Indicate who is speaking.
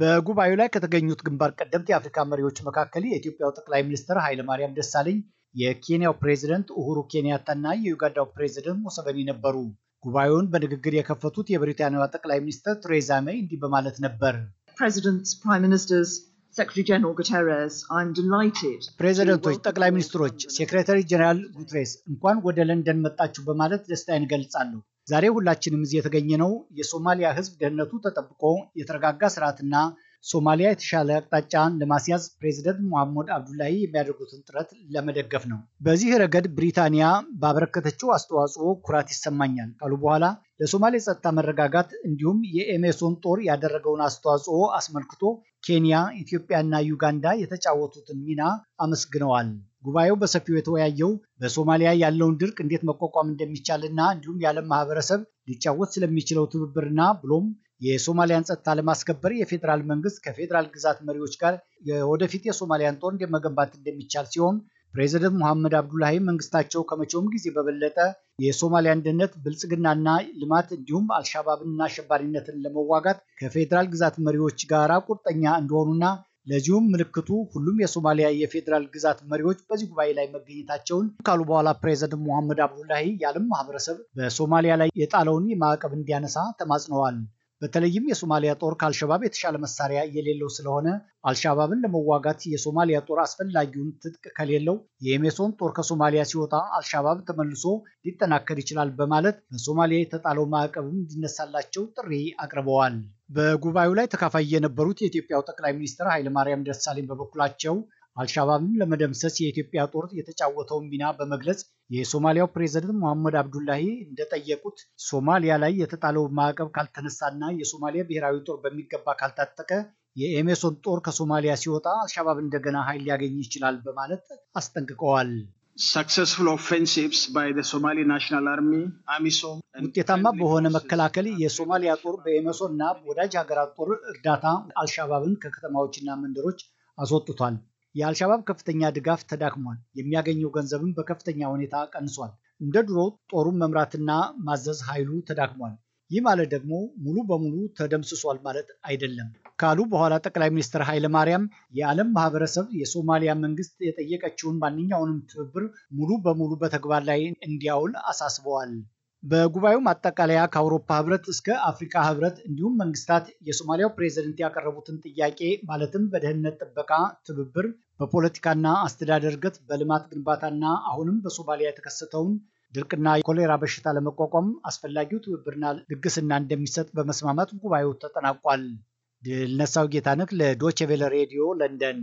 Speaker 1: በጉባኤው ላይ ከተገኙት ግንባር ቀደምት የአፍሪካ መሪዎች መካከል የኢትዮጵያው ጠቅላይ ሚኒስትር ኃይለማርያም ደሳለኝ፣ የኬንያው ፕሬዝደንት ኡሁሩ ኬንያታ እና የዩጋንዳው ፕሬዝደንት ሙሰቨኒ ነበሩ። ጉባኤውን በንግግር የከፈቱት የብሪታንያዋ ጠቅላይ ሚኒስትር ቴሬዛ ሜይ እንዲህ በማለት ነበር። ፕሬዚደንቶች፣ ጠቅላይ ሚኒስትሮች፣ ሴክሬታሪ ጀኔራል ጉትሬስ እንኳን ወደ ለንደን መጣችሁ በማለት ደስታዬን እገልጻለሁ። ዛሬ ሁላችንም እዚህ የተገኘ ነው የሶማሊያ ሕዝብ ደህንነቱ ተጠብቆ የተረጋጋ ስርዓትና ሶማሊያ የተሻለ አቅጣጫን ለማስያዝ ፕሬዚደንት መሐመድ አብዱላሂ የሚያደርጉትን ጥረት ለመደገፍ ነው። በዚህ ረገድ ብሪታንያ ባበረከተችው አስተዋጽኦ ኩራት ይሰማኛል ካሉ በኋላ ለሶማሌ ጸጥታ መረጋጋት እንዲሁም የኤሜሶን ጦር ያደረገውን አስተዋጽኦ አስመልክቶ ኬንያ፣ ኢትዮጵያና ዩጋንዳ የተጫወቱትን ሚና አመስግነዋል። ጉባኤው በሰፊው የተወያየው በሶማሊያ ያለውን ድርቅ እንዴት መቋቋም እንደሚቻልና እንዲሁም የዓለም ማህበረሰብ ሊጫወት ስለሚችለው ትብብርና ብሎም የሶማሊያን ጸጥታ ለማስከበር የፌዴራል መንግስት ከፌዴራል ግዛት መሪዎች ጋር ወደፊት የሶማሊያን ጦር እንዴት መገንባት እንደሚቻል ሲሆን ፕሬዚደንት ሙሐመድ አብዱላሂ መንግስታቸው ከመቼውም ጊዜ በበለጠ የሶማሊያ አንድነት፣ ብልጽግናና ልማት እንዲሁም አልሻባብንና አሸባሪነትን ለመዋጋት ከፌዴራል ግዛት መሪዎች ጋር ቁርጠኛ እንደሆኑና ለዚሁም ምልክቱ ሁሉም የሶማሊያ የፌዴራል ግዛት መሪዎች በዚህ ጉባኤ ላይ መገኘታቸውን ካሉ በኋላ ፕሬዚደንት ሙሐመድ አብዱላሂ የዓለም ማህበረሰብ በሶማሊያ ላይ የጣለውን ማዕቀብ እንዲያነሳ ተማጽነዋል። በተለይም የሶማሊያ ጦር ከአልሸባብ የተሻለ መሳሪያ የሌለው ስለሆነ አልሻባብን ለመዋጋት የሶማሊያ ጦር አስፈላጊውን ትጥቅ ከሌለው የኤሜሶን ጦር ከሶማሊያ ሲወጣ አልሻባብ ተመልሶ ሊጠናከር ይችላል በማለት በሶማሊያ የተጣለው ማዕቀብም እንዲነሳላቸው ጥሪ አቅርበዋል። በጉባኤው ላይ ተካፋይ የነበሩት የኢትዮጵያው ጠቅላይ ሚኒስትር ኃይለማርያም ደሳለኝ በበኩላቸው አልሻባብን ለመደምሰስ የኢትዮጵያ ጦር የተጫወተውን ሚና በመግለጽ የሶማሊያው ፕሬዚደንት መሐመድ አብዱላሂ እንደጠየቁት ሶማሊያ ላይ የተጣለው ማዕቀብ ካልተነሳና የሶማሊያ ብሔራዊ ጦር በሚገባ ካልታጠቀ የኤሜሶን ጦር ከሶማሊያ ሲወጣ አልሻባብ እንደገና ኃይል ሊያገኝ ይችላል በማለት አስጠንቅቀዋል። successful offensives by the Somali National Army, ውጤታማ በሆነ መከላከል የሶማሊያ ጦር በኤመሶ እና ወዳጅ ሀገራት ጦር እርዳታ አልሻባብን ከከተማዎችና መንደሮች አስወጥቷል። የአልሻባብ ከፍተኛ ድጋፍ ተዳክሟል። የሚያገኘው ገንዘብም በከፍተኛ ሁኔታ ቀንሷል። እንደ ድሮ ጦሩን መምራትና ማዘዝ ኃይሉ ተዳክሟል። ይህ ማለት ደግሞ ሙሉ በሙሉ ተደምስሷል ማለት አይደለም ካሉ በኋላ ጠቅላይ ሚኒስትር ማርያም የዓለም ማህበረሰብ የሶማሊያ መንግስት የጠየቀችውን ማንኛውንም ትብብር ሙሉ በሙሉ በተግባር ላይ እንዲያውል አሳስበዋል። በጉባኤው ማጠቃለያ ከአውሮፓ ህብረት እስከ አፍሪካ ህብረት እንዲሁም መንግስታት የሶማሊያው ፕሬዝደንት ያቀረቡትን ጥያቄ ማለትም በደህንነት ጥበቃ ትብብር፣ በፖለቲካና አስተዳደር እድገት፣ በልማት ግንባታና አሁንም በሶማሊያ የተከሰተውን ድርቅና የኮሌራ በሽታ ለመቋቋም አስፈላጊው ትብብርና ልግስና እንደሚሰጥ በመስማማት ጉባኤው ተጠናቋል። ድል ነሳው ነክ ለዶቼ ቬለ ሬዲዮ ለንደን